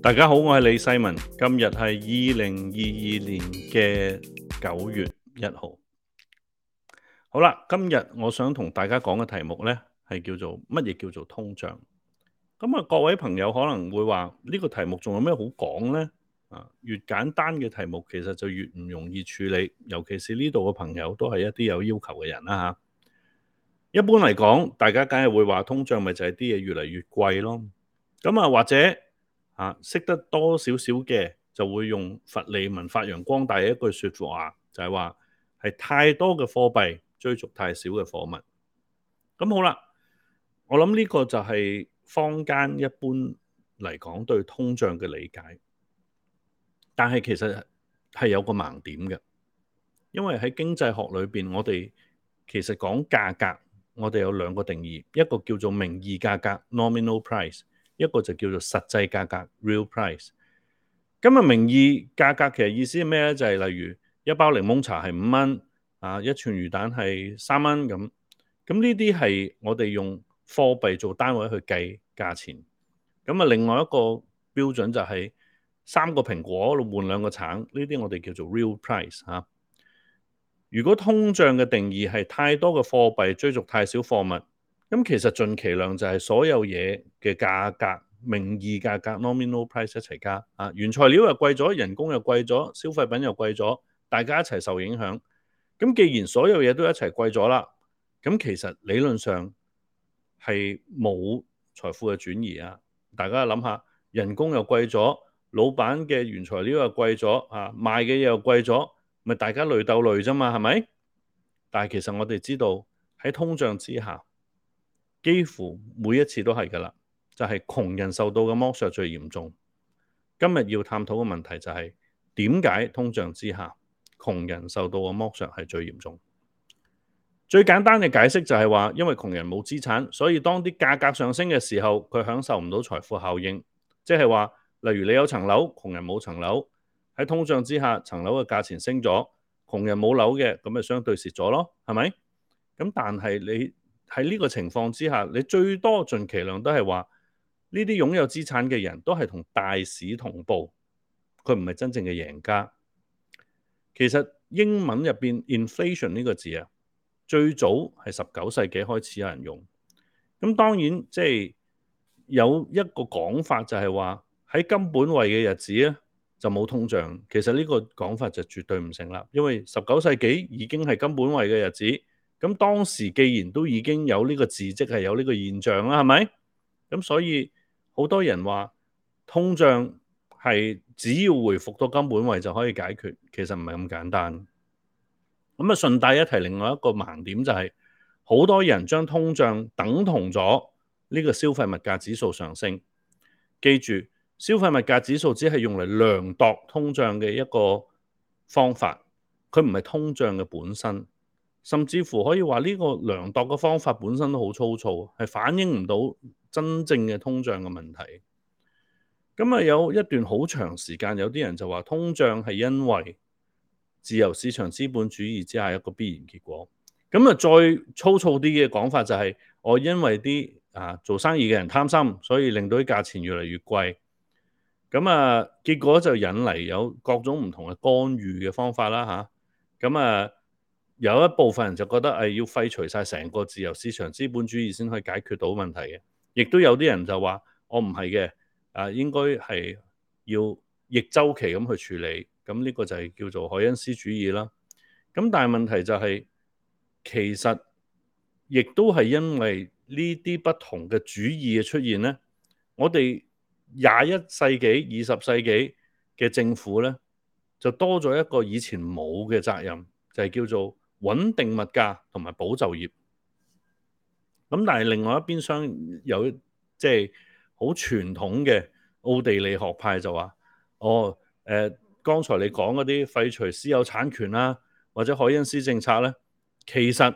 大家好，我係李世民。今日係二零二二年嘅九月一號。好啦，今日我想同大家講嘅題目呢，係叫做乜嘢叫做通脹。咁、嗯、啊，各位朋友可能會話呢、呢個題目仲有咩好講呢、啊？越簡單嘅題目其實就越唔容易處理，尤其是呢度嘅朋友都係一啲有要求嘅人啦、啊、一般嚟講，大家梗係會話通脹咪就係啲嘢越嚟越貴咯。咁、嗯、啊，或者。啊，識得多少少嘅就會用佛利民發揚光大一句説話，就係話係太多嘅貨幣追逐太少嘅貨物。咁好啦，我諗呢個就係坊間一般嚟講對通脹嘅理解。但係其實係有個盲點嘅，因為喺經濟學裏邊，我哋其實講價格，我哋有兩個定義，一個叫做名義價格 （nominal price）。一個就叫做實際價格 （real price）。咁啊，名義價格其實意思係咩咧？就係、是、例如一包檸檬茶係五蚊，啊一串魚蛋係三蚊咁。咁呢啲係我哋用貨幣做單位去計價錢。咁啊，另外一個標準就係三個蘋果換兩個橙，呢啲我哋叫做 real price 啊。如果通脹嘅定義係太多嘅貨幣追逐太少貨物。咁其實盡其量就係所有嘢嘅價格，名義價格 （nominal price） 一齊加啊，原材料又貴咗，人工又貴咗，消費品又貴咗，大家一齊受影響。咁既然所有嘢都一齊貴咗啦，咁其實理論上係冇財富嘅轉移啊。大家諗下，人工又貴咗，老闆嘅原材料又貴咗啊，賣嘅嘢又貴咗，咪大家累鬥累啫嘛，係咪？但係其實我哋知道喺通脹之下。幾乎每一次都係㗎喇，就係、是、窮人受到嘅剝削最嚴重。今日要探討嘅問題就係點解通脹之下，窮人受到嘅剝削係最嚴重。最簡單嘅解釋就係話，因為窮人冇資產，所以當啲價格上升嘅時候，佢享受唔到財富效應。即係話，例如你有層樓，窮人冇層樓，喺通脹之下，層樓嘅價錢升咗，窮人冇樓嘅，咁就相對蝕咗咯，係咪？咁但係你。喺呢個情況之下，你最多盡其量都係話，呢啲擁有資產嘅人都係同大市同步，佢唔係真正嘅贏家。其實英文入面 inflation 呢個字啊，最早係十九世紀開始有人用。咁當然即係、就是、有一個講法就係話，喺金本位嘅日子咧就冇通脹。其實呢個講法就絕對唔成立，因為十九世紀已經係金本位嘅日子。咁當時既然都已經有呢個字跡係有呢個現象啦，係咪？咁所以好多人話通脹係只要回復到金本位就可以解決，其實唔係咁簡單。咁啊順帶一提，另外一個盲點就係、是、好多人將通脹等同咗呢個消費物價指數上升。記住，消費物價指數只係用嚟量度通脹嘅一個方法，佢唔係通脹嘅本身。甚至乎可以話呢個量度嘅方法本身都好粗糙，係反映唔到真正嘅通脹嘅問題。咁啊，有一段好長時間，有啲人就話通脹係因為自由市場資本主義之下一個必然結果。咁啊，再粗糙啲嘅講法就係、是、我因為啲啊做生意嘅人貪心，所以令到啲價錢越嚟越貴。咁啊，結果就引嚟有各種唔同嘅干預嘅方法啦吓，咁啊～啊有一部分人就覺得要廢除曬成個自由市場資本主義先可以解決到問題嘅，亦都有啲人就話我唔係嘅，啊應該係要逆周期咁去處理，咁呢個就係叫做凱恩斯主義啦。咁但係問題就係其實亦都係因為呢啲不同嘅主義嘅出現呢，我哋廿一世紀、二十世紀嘅政府呢就多咗一個以前冇嘅責任，就係叫做穩定物價同埋保就業，咁但係另外一邊廂有即係好傳統嘅奧地利學派就話：，哦，誒、呃，剛才你講嗰啲廢除私有產權啦、啊，或者凱恩斯政策咧，其實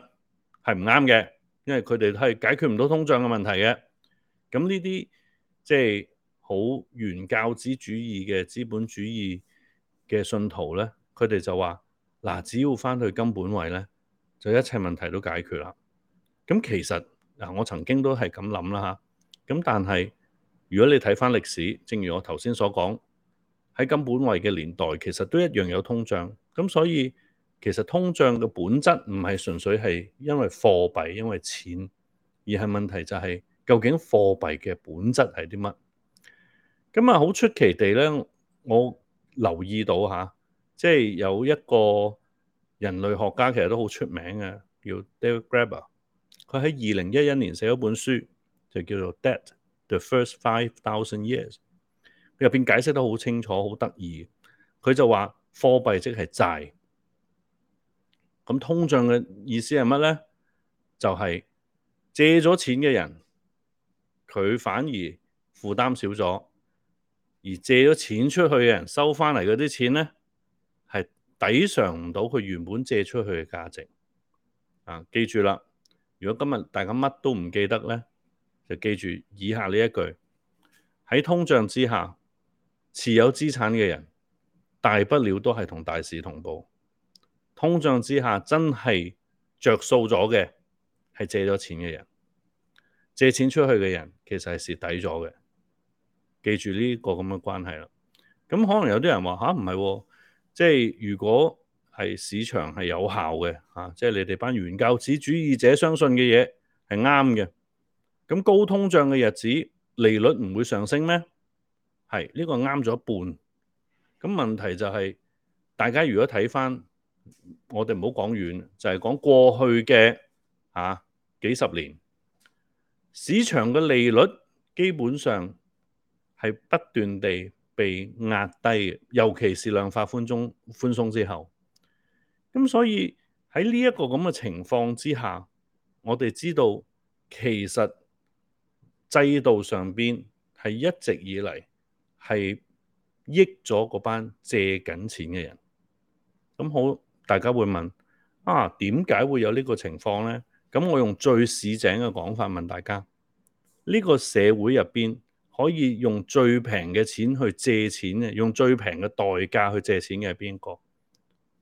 係唔啱嘅，因為佢哋係解決唔到通脹嘅問題嘅。咁呢啲即係好原教旨主義嘅資本主義嘅信徒咧，佢哋就話。嗱，只要返去金本位咧，就一切問題都解決啦。咁其實嗱，我曾經都係咁諗啦嚇。咁但係如果你睇返歷史，正如我頭先所講，喺金本位嘅年代，其實都一樣有通脹。咁所以其實通脹嘅本質唔係純粹係因為貨幣，因為錢，而係問題就係、是、究竟貨幣嘅本質係啲乜？咁啊，好出奇地呢，我留意到嚇。即係有一個人類學家，其實都好出名嘅，叫 David Grabber。佢喺二零一一年寫咗本書，就叫做《Debt, The First Five Thousand Years》。入邊解釋得好清楚，好得意。佢就話貨幣即係債咁，通脹嘅意思係乜咧？就係、是、借咗錢嘅人，佢反而負擔少咗，而借咗錢出去嘅人收翻嚟嗰啲錢咧。抵償唔到佢原本借出去嘅價值啊！記住啦，如果今日大家乜都唔記得咧，就記住以下呢一句：喺通脹之下，持有資產嘅人大不了都係同大市同步。通脹之下真係着數咗嘅係借咗錢嘅人，借錢出去嘅人其實係蝕底咗嘅。記住呢個咁嘅關係啦。咁可能有啲人話吓，唔係喎。即係如果係市場係有效嘅嚇、啊，即係你哋班原教旨主義者相信嘅嘢係啱嘅。咁高通脹嘅日子，利率唔會上升咩？係呢、呢個啱咗一半。咁問題就係、是、大家如果睇翻，我哋唔好講遠，就係、是、講過去嘅嚇、啊、幾十年，市場嘅利率基本上係不斷地。被壓低，尤其是量化寬鬆寬鬆之後，咁所以喺呢一個咁嘅情況之下，我哋知道其實制度上邊係一直以嚟係益咗嗰班借緊錢嘅人。咁好，大家會問啊，點解會有呢個情況咧？咁我用最市井嘅講法問大家：呢個社會入邊，可以用最平嘅錢去借錢嘅，用最平嘅代價去借錢嘅係邊個？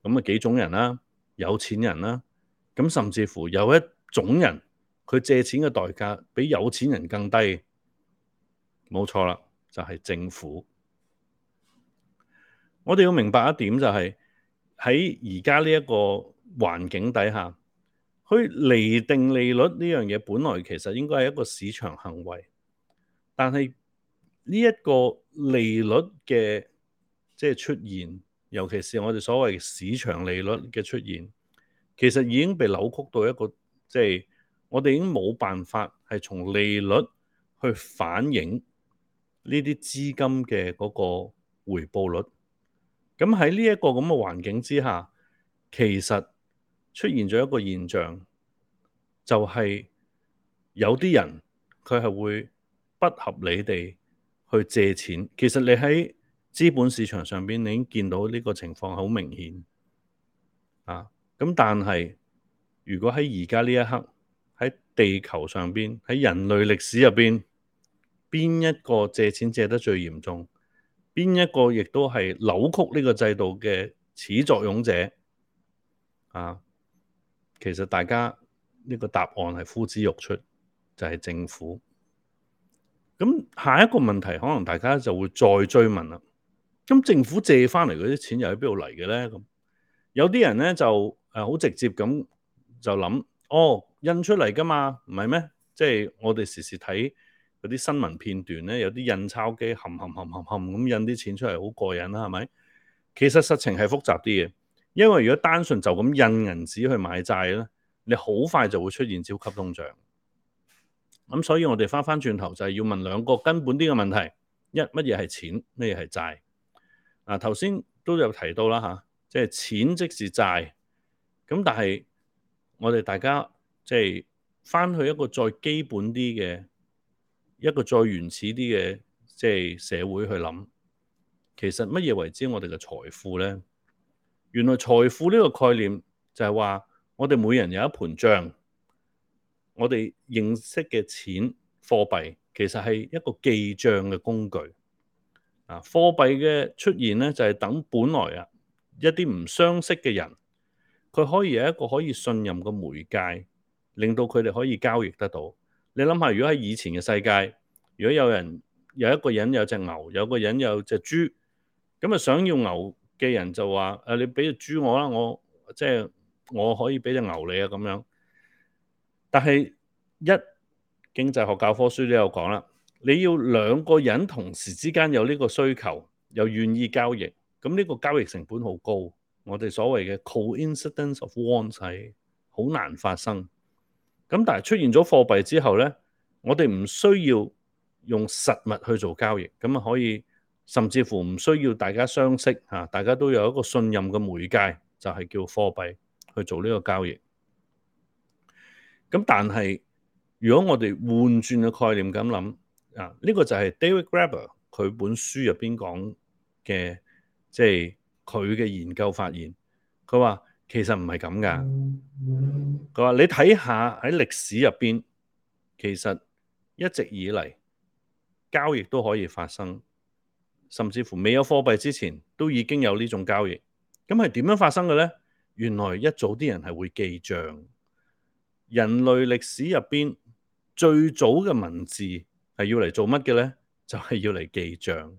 咁啊幾種人啦、啊，有錢人啦、啊，咁甚至乎有一種人，佢借錢嘅代價比有錢人更低，冇錯啦，就係、是、政府。我哋要明白一點就係喺而家呢一個環境底下，去釐定利率呢樣嘢，本來其實應該係一個市場行為，但係。呢一個利率嘅即係出現，尤其是我哋所謂市場利率嘅出現，其實已經被扭曲到一個即係、就是、我哋已經冇辦法係從利率去反映呢啲資金嘅嗰個回報率。咁喺呢一個咁嘅環境之下，其實出現咗一個現象，就係、是、有啲人佢係會不合理地。去借錢，其實你喺資本市場上面你已經見到呢個情況好明顯啊。咁但係，如果喺而家呢一刻，喺地球上邊，喺人類歷史入邊，邊一個借錢借得最嚴重，邊一個亦都係扭曲呢個制度嘅始作俑者啊？其實大家呢、這個答案係呼之欲出，就係、是、政府。咁下一個問題，可能大家就會再追問啦。咁政府借翻嚟嗰啲錢又喺邊度嚟嘅咧？咁有啲人咧就誒好直接咁就諗，哦，印出嚟噶嘛，唔係咩？即係我哋時時睇嗰啲新聞片段咧，有啲印鈔機冚冚冚冚冚咁印啲錢出嚟，好過癮啦，係咪？其實實情係複雜啲嘅，因為如果單純就咁印銀紙去買債咧，你好快就會出現超級通脹。咁所以，我哋返返轉頭就係要問兩個根本啲嘅問題：一乜嘢係錢，乜嘢係債？嗱、啊，頭先都有提到啦嚇，即、啊、係、就是、錢即是債。咁但係我哋大家即係返去一個再基本啲嘅一個再原始啲嘅即係社會去諗，其實乜嘢為之我哋嘅財富呢？原來財富呢個概念就係話，我哋每人有一盤賬。我哋認識嘅錢貨幣其實係一個記帳嘅工具啊！貨幣嘅出現呢，就係、係、等本來啊一啲唔相識嘅人，佢可以有一個可以信任嘅媒介，令到佢哋可以交易得到。你諗下，如果喺以前嘅世界，如果有人有一個人有隻牛，有一個人有隻豬，咁啊，想要牛嘅人就話、啊：，你俾隻豬我啦，我即係、即係、我可以俾隻牛你啊，咁樣。但係一經濟學教科書都有講啦，你要兩個人同時之間有呢個需求，又願意交易，咁呢個交易成本好高，我哋所謂嘅 coincidence of wants 係好難發生。咁但係出現咗貨幣之後呢，我哋唔需要用實物去做交易，咁啊可以甚至乎唔需要大家相識吓，大家都有一個信任嘅媒介，就係、是、叫貨幣去做呢個交易。咁但係如果我哋換轉個概念咁諗，啊呢個就係 David Grabber 佢本書入邊講嘅，即係佢嘅研究發現，佢話其實唔係咁噶，佢話你睇下喺歷史入邊，其實一直以嚟交易都可以發生，甚至乎未有貨幣之前都已經有呢種交易，咁係點樣發生嘅咧？原來一早啲人係會記賬。人類歷史入邊最早嘅文字係要嚟做乜嘅呢？就係要嚟記賬。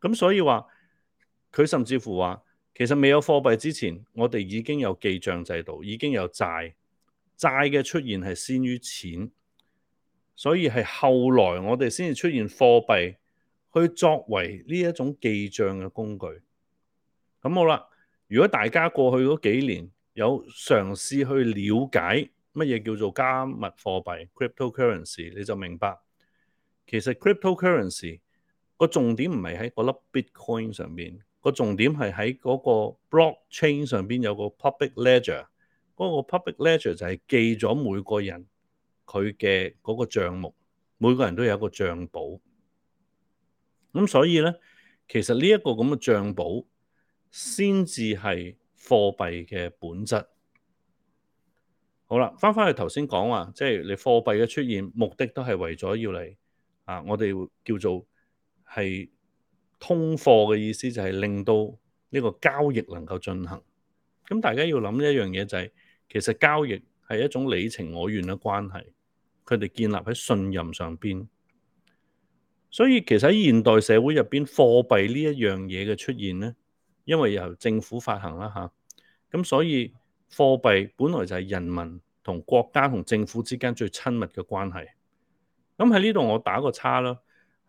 咁所以話佢甚至乎話，其實未有貨幣之前，我哋已經有記賬制度，已經有債。債嘅出現係先於錢，所以係後來我哋先至出現貨幣，去作為呢一種記賬嘅工具。咁好啦，如果大家過去嗰幾年有嘗試去了解乜嘢叫做加密貨幣？cryptocurrency 你就明白，其實 cryptocurrency 個重點唔係喺嗰粒 Bitcoin 上邊，個重點係喺嗰個 blockchain 上邊有個 public ledger。嗰個 public ledger 就係記咗每個人佢嘅嗰個帳目，每個人都有一個帳簿。咁所以咧，其實呢一個咁嘅帳簿先至係貨幣嘅本質。好啦，翻翻去頭先講話，即係你貨幣嘅出現目的都係為咗要嚟啊！我哋叫做係通貨嘅意思，就係令到呢個交易能夠進行。咁大家要諗一樣嘢就係，其實交易係一種你情我願嘅關係，佢哋建立喺信任上邊。所以其實喺現代社會入邊，貨幣呢一樣嘢嘅出現咧，因為由政府發行啦吓，咁所以。貨幣本來就係人民同國家同政府之間最親密嘅關係。咁喺呢度我打個叉啦。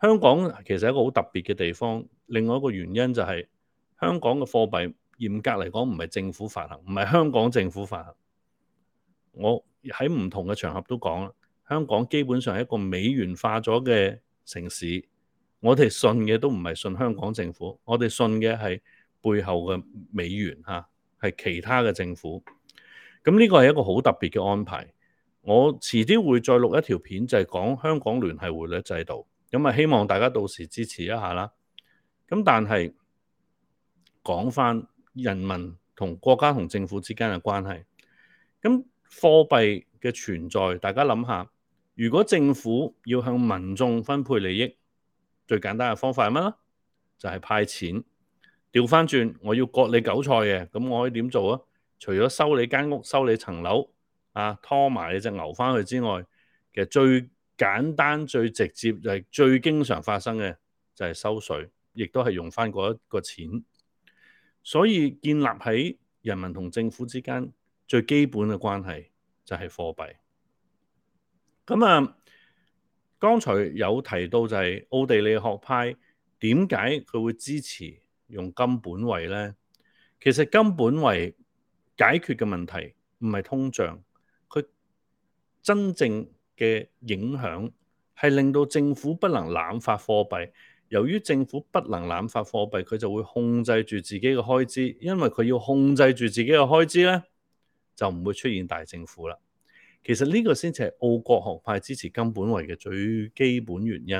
香港其實係一個好特別嘅地方。另外一個原因就係，香港嘅貨幣嚴格嚟講唔係政府發行，唔係香港政府發行。我喺唔同嘅場合都講啦，香港基本上係一個美元化咗嘅城市。我哋信嘅都唔係信香港政府，我哋信嘅係背後嘅美元啊。係其他嘅政府，咁呢個係一個好特別嘅安排。我遲啲會再錄一條片，就係講香港聯繫匯率制度。咁啊，希望大家到時支持一下啦。咁但係講返人民同國家同政府之間嘅關係。咁貨幣嘅存在，大家諗下，如果政府要向民眾分配利益，最簡單嘅方法係乜咧？就係派錢。調翻轉，我要割你韭菜嘅，咁我可以點做啊？除咗收你間屋、收你層樓啊，拖埋你隻牛翻去之外，其實最簡單、最直接，就係最經常發生嘅就係收稅，亦都係用翻嗰一個錢。所以建立喺人民同政府之間最基本嘅關係就係貨幣。咁啊，剛才有提到就係奧地利學派點解佢會支持？用金本位呢？其實金本位解決嘅問題唔係通脹，佢真正嘅影響係令到政府不能濫發貨幣。由於政府不能濫發貨幣，佢就會控制住自己嘅開支，因為佢要控制住自己嘅開支呢，就唔會出現大政府啦。其實呢個先至係奧國學派支持金本位嘅最基本原因。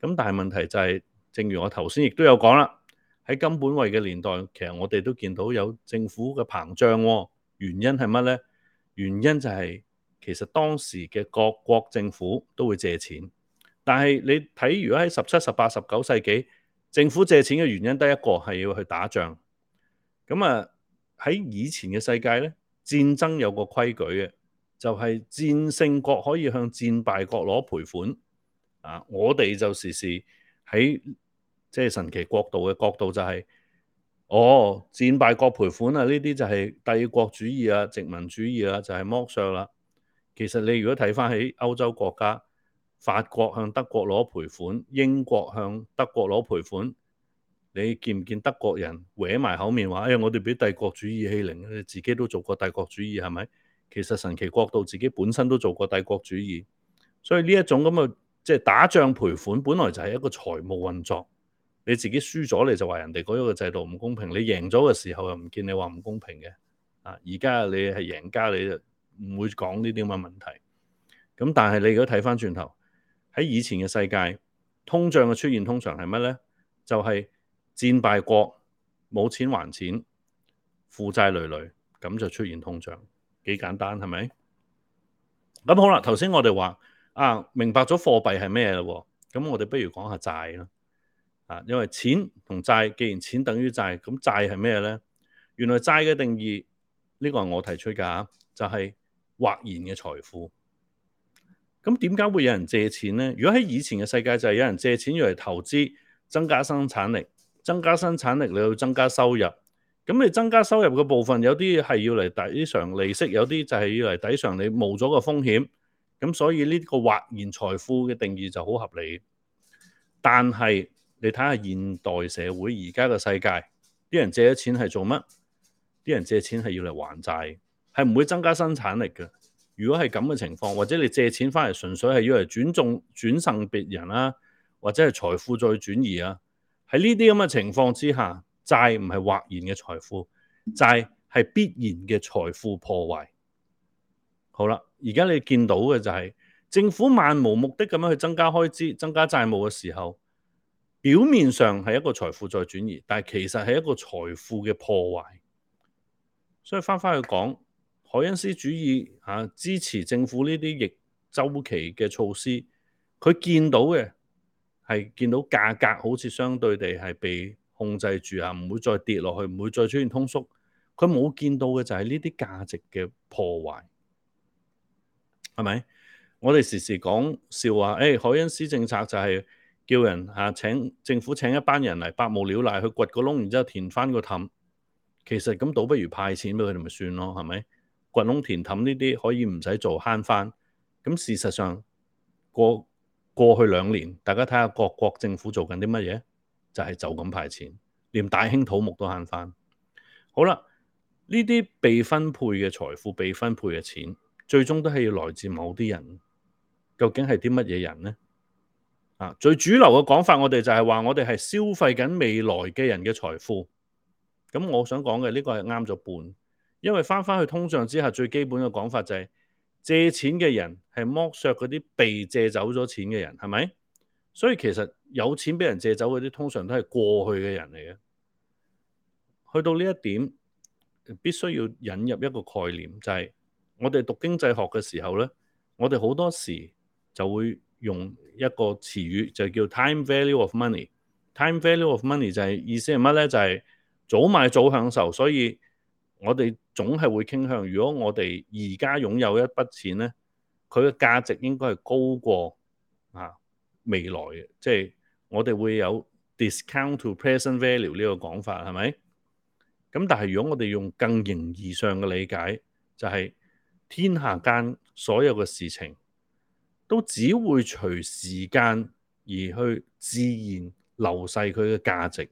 咁但係問題就係，正如我頭先亦都有講啦。喺金本位嘅年代，其實我哋都見到有政府嘅膨脹、哦，原因係乜呢？原因就係、是、其實當時嘅各國政府都會借錢，但係你睇如果喺十七、十八、十九世紀，政府借錢嘅原因得一個係要去打仗。咁啊喺以前嘅世界呢，戰爭有個規矩嘅，就係、是、戰勝國可以向戰敗國攞賠款。啊，我哋就時時喺。即係神奇國度嘅角度就係、是，哦戰敗國賠款啊，呢啲就係帝國主義啊、殖民主義啊，就係、是、剝削啦、啊。其實你如果睇翻喺歐洲國家，法國向德國攞賠款，英國向德國攞賠款，你見唔見德國人歪埋口面話誒？我哋俾帝國主義欺凌，你自己都做過帝國主義係咪？其實神奇國度自己本身都做過帝國主義，所以呢一種咁嘅即係打仗賠款，本來就係一個財務運作。你自己輸咗你就話人哋嗰一個制度唔公平，你贏咗嘅時候又唔見你話唔公平嘅，啊！而家你係贏家，你就唔會講呢啲咁嘅問題。咁但係你如果睇返轉頭，喺以前嘅世界，通脹嘅出現通常係乜呢？就係戰敗國冇錢還錢，負債累累，咁就出現通脹，幾簡單係咪？咁好啦，頭先我哋話啊，明白咗貨幣係咩嘞？咁我哋不如講下債啦。因為錢同債，既然錢等於債，咁債係咩呢？原來債嘅定義呢個係我提出噶，就係或然嘅財富。咁點解會有人借錢呢？如果喺以前嘅世界就係有人借錢要嚟投資，增加生產力，增加生產力你要增加收入。咁你增加收入嘅部分有啲係要嚟抵償利息，有啲就係要嚟抵償你冇咗個風險。咁所以呢個或然財富嘅定義就好合理，但係，你睇下現代社會而家嘅世界，啲人借咗錢係做乜？啲人借錢係要嚟還債，係唔會增加生產力嘅。如果係咁嘅情況，或者你借錢返嚟純粹係要嚟轉送轉贈別人啦、啊，或者係財富再轉移啊。喺呢啲咁嘅情況之下，債唔係或然嘅財富，債係必然嘅財富破壞。好啦，而家你見到嘅就係、是、政府漫無目的咁樣去增加開支、增加債務嘅時候。表面上係一個財富在轉移，但其實係一個財富嘅破壞。所以翻返去講，凱恩斯主義嚇、啊、支持政府呢啲逆周期嘅措施，佢見到嘅係見到價格好似相對地係被控制住啊，唔會再跌落去，唔會再出現通縮。佢冇見到嘅就係呢啲價值嘅破壞，係咪？我哋時時講笑話，誒凱恩斯政策就係、是。叫人嚇、啊、請政府請一班人嚟，百無聊賴去掘個窿，然之後填翻個氹。其實咁倒不如派錢俾佢哋咪算咯，係咪？掘窿填氹呢啲可以唔使做，慳翻。咁事實上過過去兩年，大家睇下各國政府做緊啲乜嘢，就係、是、就咁派錢，連大興土木都慳翻。好啦，呢啲被分配嘅財富、被分配嘅錢，最終都係要來自某啲人。究竟係啲乜嘢人呢？最主流嘅講法，我哋就係話我哋係消費緊未來嘅人嘅財富。咁我想講嘅呢個係啱咗半，因為翻翻去通脹之下，最基本嘅講法就係、是、借錢嘅人係剝削嗰啲被借走咗錢嘅人，係咪？所以其實有錢俾人借走嗰啲，通常都係過去嘅人嚟嘅。去到呢一點，必須要引入一個概念，就係、是、我哋讀經濟學嘅時候咧，我哋好多時就會。用一個詞語就叫 time value of money。time value of money 就係意思係乜咧？就係早買早享受，所以我哋總係會傾向。如果我哋而家擁有一筆錢咧，佢嘅價值應該係高過啊未來嘅，即係我哋會有 discount to present value 呢個講法係咪？咁但係如果我哋用更形而上嘅理解，就係天下間所有嘅事情。都只會隨時間而去自然流逝，佢嘅價值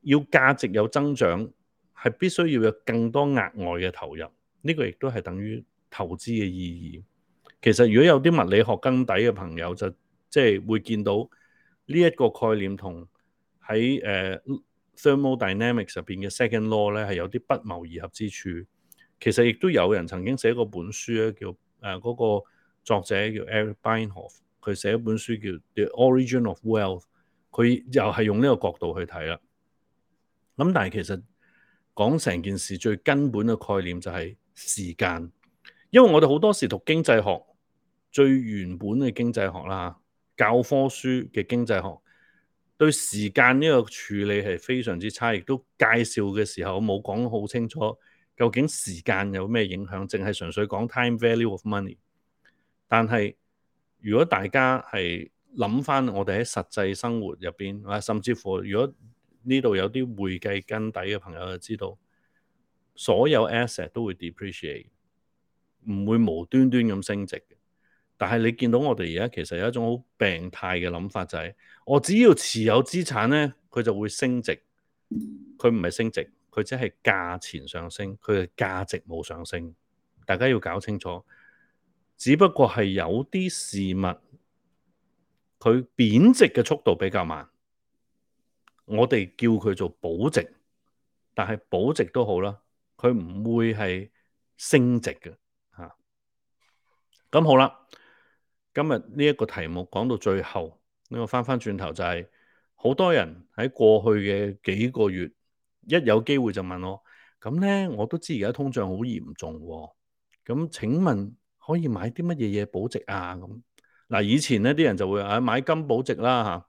要價值有增長，係必須要有更多額外嘅投入。呢、這個亦都係等於投資嘅意義。其實如果有啲物理學根底嘅朋友，就即係會見到呢一個概念同喺誒、呃、thermodynamics 入邊嘅 Second Law 咧係有啲不謀而合之處。其實亦都有人曾經寫過本書咧，叫。誒，嗰、啊那個作者叫 Eric Beinhoff，佢寫一本書叫《The Origin of Wealth》，佢又係用呢個角度去睇啦。咁但係其實講成件事最根本嘅概念就係時間，因為我哋好多時讀經濟學，最原本嘅經濟學啦，教科書嘅經濟學，對時間呢個處理係非常之差，亦都介紹嘅時候冇講好清楚。究竟時間有咩影響？淨係純粹講 time value of money 但。但係如果大家係諗返我哋喺實際生活入邊，甚至乎如果呢度有啲會計根底嘅朋友就知道，所有 asset 都會 depreciate，唔會無端端咁升值的。但係你見到我哋而家其實有一種好病態嘅諗法，就是，就係我只要持有資產呢，佢就會升值。佢唔係升值。佢只係價錢上升，佢嘅價值冇上升，大家要搞清楚。只不過係有啲事物佢貶值嘅速度比較慢，我哋叫佢做保值。但係保值都好啦，佢唔會係升值嘅吓。咁、啊、好啦，今日呢一個題目講到最後，呢個返返轉頭就係、是、好多人喺過去嘅幾個月，一有機會就問我，咁咧我都知而家通脹好嚴重喎、哦，咁、嗯、請問可以買啲乜嘢嘢保值啊？咁嗱，以前咧啲人就會啊買金保值啦嚇、啊，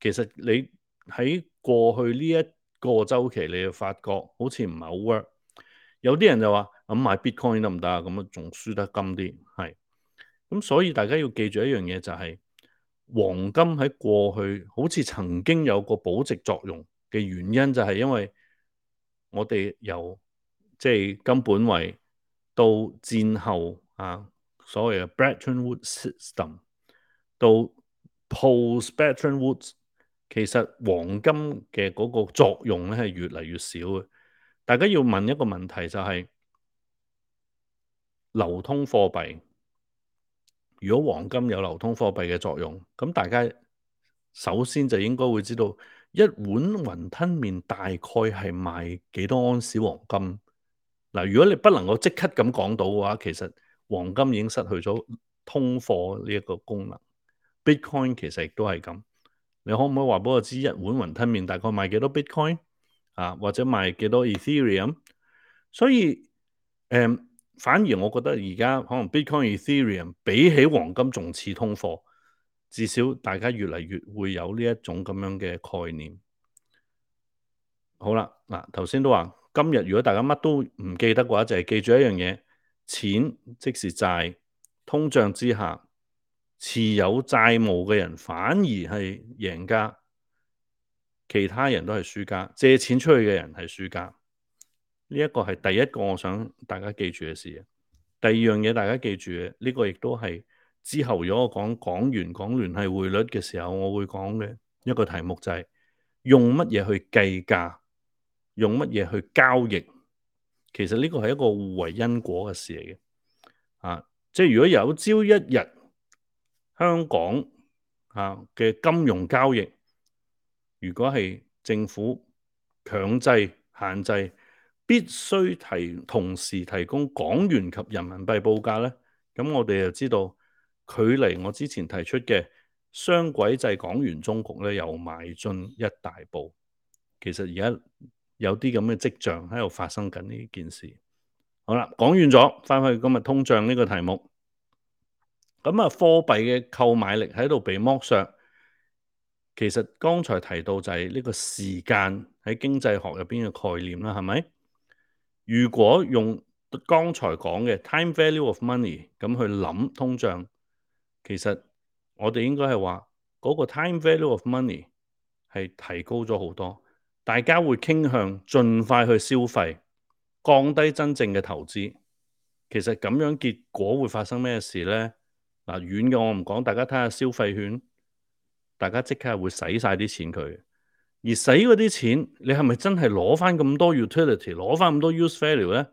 其實你喺過去呢一個周期，你就發覺好似唔係好 work。有啲人就話咁買 Bitcoin 得唔得啊？咁啊仲輸得金啲，係咁、嗯，所以大家要記住一樣嘢就係、是、黃金喺過去好似曾經有個保值作用嘅原因，就係因為。我哋由即係金本位到戰後啊，所謂嘅 Bretton Woods System 到 Post Bretton Woods，其實黃金嘅嗰個作用咧係越嚟越少嘅。大家要問一個問題就係流通貨幣，如果黃金有流通貨幣嘅作用，咁大家首先就應該會知道。一碗雲吞麵大概係賣幾多安士黃金？嗱，如果你不能夠即刻咁講到嘅話，其實黃金已經失去咗通貨呢一個功能。Bitcoin 其實亦都係咁，你可唔可以話俾我知一碗雲吞麵大概賣幾多 Bitcoin 啊？或者賣幾多 Ethereum？所以誒、嗯，反而我覺得而家可能 Bitcoin、Ethereum 比，比起黃金仲似通貨。至少大家越嚟越會有呢一種咁樣嘅概念。好啦，嗱，頭先都話，今日如果大家乜都唔記得嘅話，就係記住一樣嘢：錢即是債。通脹之下，持有債務嘅人反而係贏家，其他人都係輸家。借錢出去嘅人係輸家。呢一個係第一個我想大家記住嘅事。第二樣嘢大家記住嘅呢個亦都係。之後，如果我講港元港聯繫匯率嘅時候，我會講嘅一個題目就係用乜嘢去計價，用乜嘢去交易。其實呢個係一個互為因果嘅事嚟嘅。啊，即如果有朝一日香港啊嘅金融交易，如果係政府強制限制，必須提同時提供港元及人民幣報價呢，咁我哋就知道。距離我之前提出嘅雙軌制港元中局咧，又邁進一大步。其實而家有啲咁嘅跡象喺度發生緊呢件事。好啦，講完咗，翻去今日通脹呢個題目。咁啊，貨幣嘅購買力喺度被剝削。其實剛才提到就係呢個時間喺經濟學入邊嘅概念啦，係咪？如果用剛才講嘅 time value of money 咁去諗通脹。其實我哋應該係話嗰個 time value of money 係提高咗好多，大家會傾向盡快去消費，降低真正嘅投資。其實咁樣結果會發生咩事呢？嗱，遠嘅我唔講，大家睇下消費券，大家即刻會使晒啲錢佢，而使嗰啲錢，你係咪真係攞翻咁多 utility，攞翻咁多 use value 呢？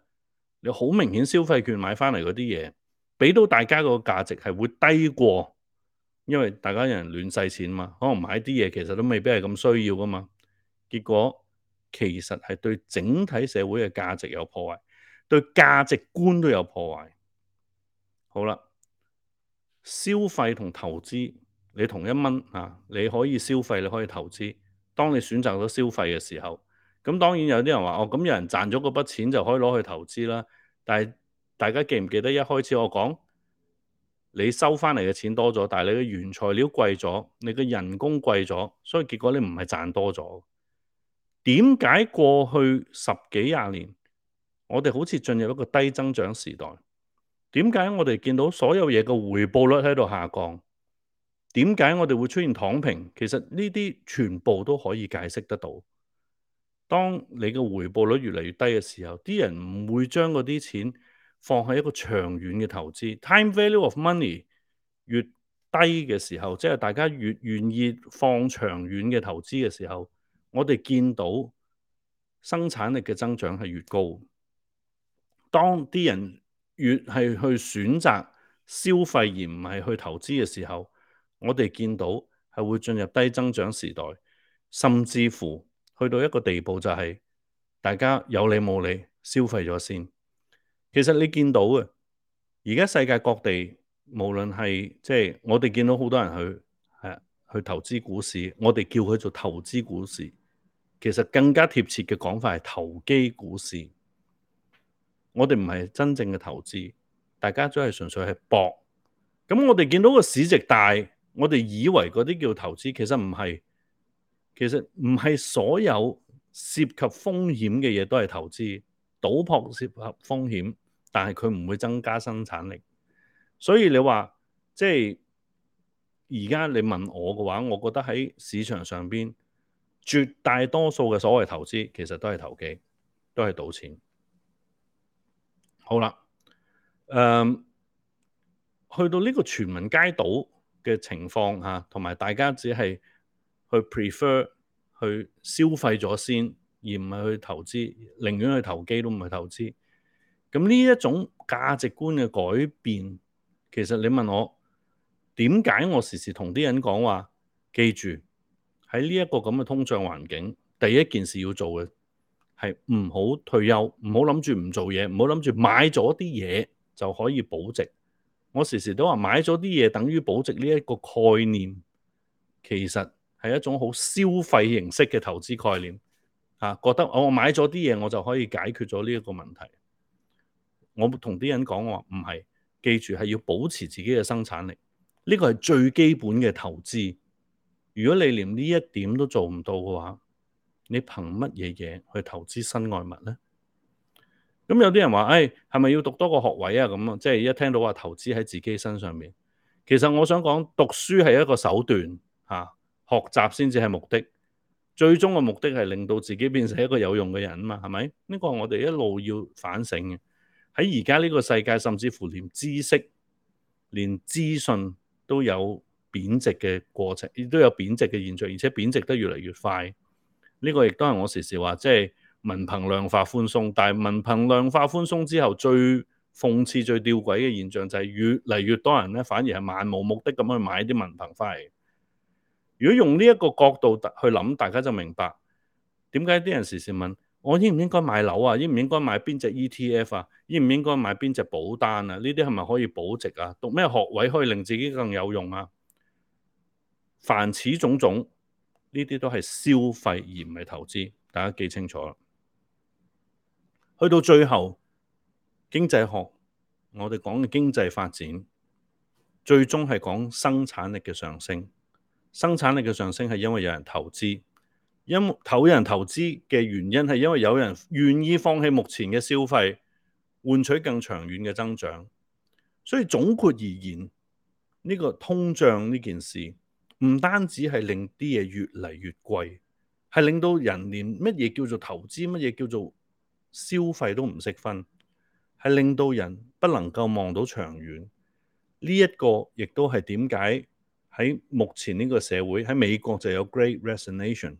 你好明顯消費券買翻嚟嗰啲嘢。俾到大家個價值係會低過，因為大家有人亂使錢嘛，可能買啲嘢其實都未必係咁需要㗎嘛。結果其實係對整體社會嘅價值有破壞，對價值觀都有破壞。好啦，消費同投資，你同一蚊啊，你可以消費，你可以投資。當你選擇咗消費嘅時候，咁當然有啲人話哦，咁有人賺咗嗰筆錢就可以攞去投資啦，但大家記唔記得一開始我講，你收翻嚟嘅錢多咗，但係你嘅原材料貴咗，你嘅人工貴咗，所以結果你唔係賺多咗。點解過去十幾廿年我哋好似進入一個低增長時代？點解我哋見到所有嘢嘅回報率喺度下降？點解我哋會出現躺平？其實呢啲全部都可以解釋得到。當你嘅回報率越嚟越低嘅時候，啲人唔會將嗰啲錢放喺一個長遠嘅投資，time value of money 越低嘅時候，即係大家越願意放長遠嘅投資嘅時候，我哋見到生產力嘅增長係越高。當啲人越係去選擇消費而唔係去投資嘅時候，我哋見到係會進入低增長時代，甚至乎去到一個地步就係、是、大家有理冇理消費咗先。其實你見到嘅，而家世界各地，無論係即係我哋見到好多人去，係啊去投資股市。我哋叫佢做投資股市，其實更加貼切嘅講法係投機股市。我哋唔係真正嘅投資，大家都係純粹係博。咁我哋見到個市值大，我哋以為嗰啲叫投資，其實唔係。其實唔係所有涉及風險嘅嘢都係投資，賭博涉及風險。但係佢唔會增加生產力，所以你話即係而家你問我嘅話，我覺得喺市場上邊，絕大多數嘅所謂投資其實都係投機，都係賭錢。好啦，誒、嗯，去到呢個全民皆賭嘅情況吓，同埋大家只係去 prefer 去消費咗先，而唔係去投資，寧願去投機都唔去投資。咁呢一種價值觀嘅改變，其實你問我點解我時時同啲人講話，記住喺呢一個咁嘅通脹環境，第一件事要做嘅係唔好退休，唔好諗住唔做嘢，唔好諗住買咗啲嘢就可以保值。我時時都話買咗啲嘢等於保值呢一個概念，其實係一種好消費形式嘅投資概念。嚇、啊，覺得我買咗啲嘢，我就可以解決咗呢一個問題。我同啲人講，我話唔係，記住係要保持自己嘅生產力，呢個係最基本嘅投資。如果你連呢一點都做唔到嘅話，你憑乜嘢嘢去投資身外物咧？咁有啲人話：，誒係咪要讀多個學位啊？咁啊，即係一聽到話投資喺自己身上面，其實我想講，讀書係一個手段嚇、啊，學習先至係目的，最終嘅目的係令到自己變成一個有用嘅人啊嘛，係咪？呢、呢個我哋一路要反省嘅。喺而家呢個世界，甚至乎連知識、連資訊都有貶值嘅過程，亦都有貶值嘅現象，而且貶值得越嚟越快。呢、這個亦都係我時時話，即係文憑量化寬鬆。但係文憑量化寬鬆之後，最諷刺、最吊詭嘅現象就係越嚟越多人呢，反而係漫無目的咁去買啲文憑返嚟。如果用呢一個角度去諗，大家就明白點解啲人時時問。我應唔應該買樓啊？應唔應該買邊隻 ETF 啊？應唔應該買邊隻保單啊？呢啲係咪可以保值啊？讀咩學位可以令自己更有用啊？凡此種種，呢啲都係消費而唔係投資，大家記清楚啦。去到最後，經濟學，我哋講嘅經濟發展，最終係講生產力嘅上升。生產力嘅上升係因為有人投資。因為投人投資嘅原因係因為有人願意放棄目前嘅消費，換取更長遠嘅增長。所以總括而言，呢個通脹呢件事唔單止係令啲嘢越嚟越貴，係令到人連乜嘢叫做投資、乜嘢叫做消費都唔識分，係令到人不能夠望到長遠。呢一個亦都係點解喺目前呢個社會喺美國就有 Great Resignation。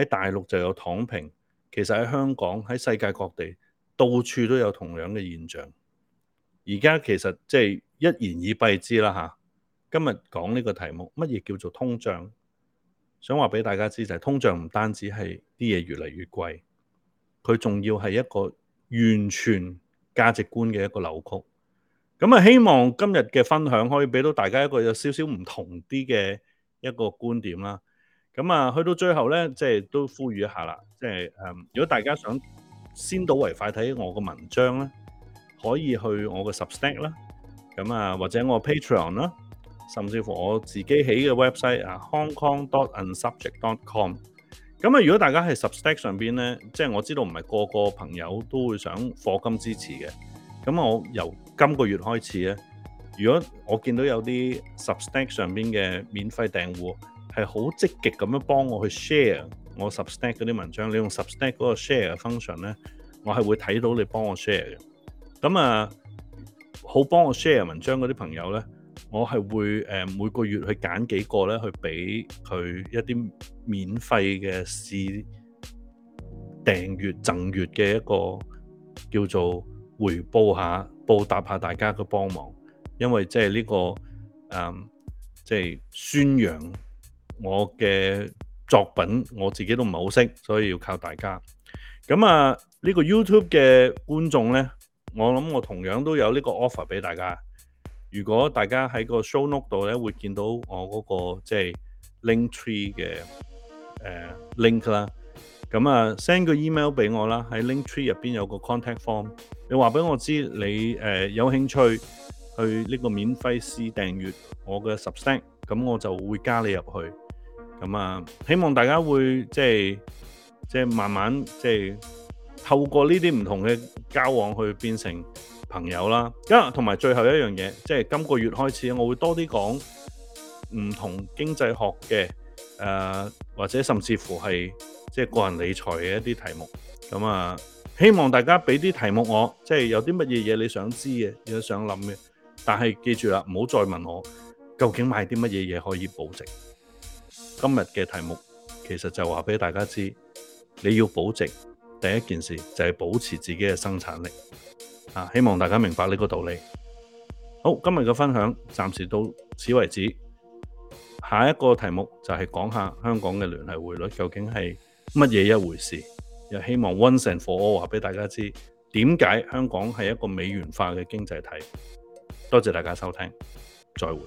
喺大陸就有躺平，其實喺香港、喺世界各地，到處都有同樣嘅現象。而家其實即係一言以蔽之啦嚇。今日講呢個題目，乜嘢叫做通脹？想話俾大家知就係通脹唔單止係啲嘢越嚟越貴，佢仲要係一個完全價值觀嘅一個扭曲。咁啊，希望今日嘅分享可以俾到大家一個有少少唔同啲嘅一個觀點啦。咁啊，去到最後咧，即係都呼籲一下啦，即係誒，如果大家想先睹為快，睇我嘅文章咧，可以去我嘅 Substack 啦，咁啊，或者我 Patreon 啦，甚至乎我自己起嘅 website 啊，Hong Kong dot and Subject dot com。咁啊，如果大家係 Substack 上邊咧，即係我知道唔係個個朋友都會想課金支持嘅，咁我由今個月開始咧，如果我見到有啲 Substack 上邊嘅免費訂戶。係好積極咁樣幫我去 share 我 Substack 嗰啲文章，你用 Substack 嗰個 share 嘅 function 咧，我係會睇到你幫我 share 嘅。咁啊，好幫我 share 文章嗰啲朋友咧，我係會誒、呃、每個月去揀幾個咧，去俾佢一啲免費嘅試訂閱、贈閱嘅一個叫做回報下報答下大家嘅幫忙，因為即係呢個誒即係宣揚。我嘅作品我自己都唔係好識，所以要靠大家。咁啊，呢、這個 YouTube 嘅觀眾呢，我諗我同樣都有呢個 offer 俾大家。如果大家喺個 ShowNote 度咧，會見到我嗰、那個即係、就是、Linktree 嘅、呃、link 啦。咁啊，send 個 email 俾我啦，喺 Linktree 入邊有個 contact form，你話俾我知你、呃、有興趣去呢個免費試訂閱我嘅 Substack，咁我就會加你入去。咁啊，希望大家會即係即係慢慢即係透過呢啲唔同嘅交往去變成朋友啦。咁啊，同埋最後一樣嘢，即係今個月開始，我會多啲講唔同經濟學嘅、誒、呃，或者甚至乎係即係個人理財嘅一啲題目。咁啊，希望大家俾啲題目我，即係有啲乜嘢嘢你想知嘅，有想諗嘅。但係記住啦，唔好再問我究竟買啲乜嘢嘢可以保值。今日嘅題目其實就話俾大家知，你要保值，第一件事就係保持自己嘅生產力。啊，希望大家明白呢個道理。好，今日嘅分享暫時到此為止。下一個題目就係講下香港嘅聯繫匯率究竟係乜嘢一回事。又希望溫城火鍋話俾大家知，點解香港係一個美元化嘅經濟體。多謝大家收聽，再會。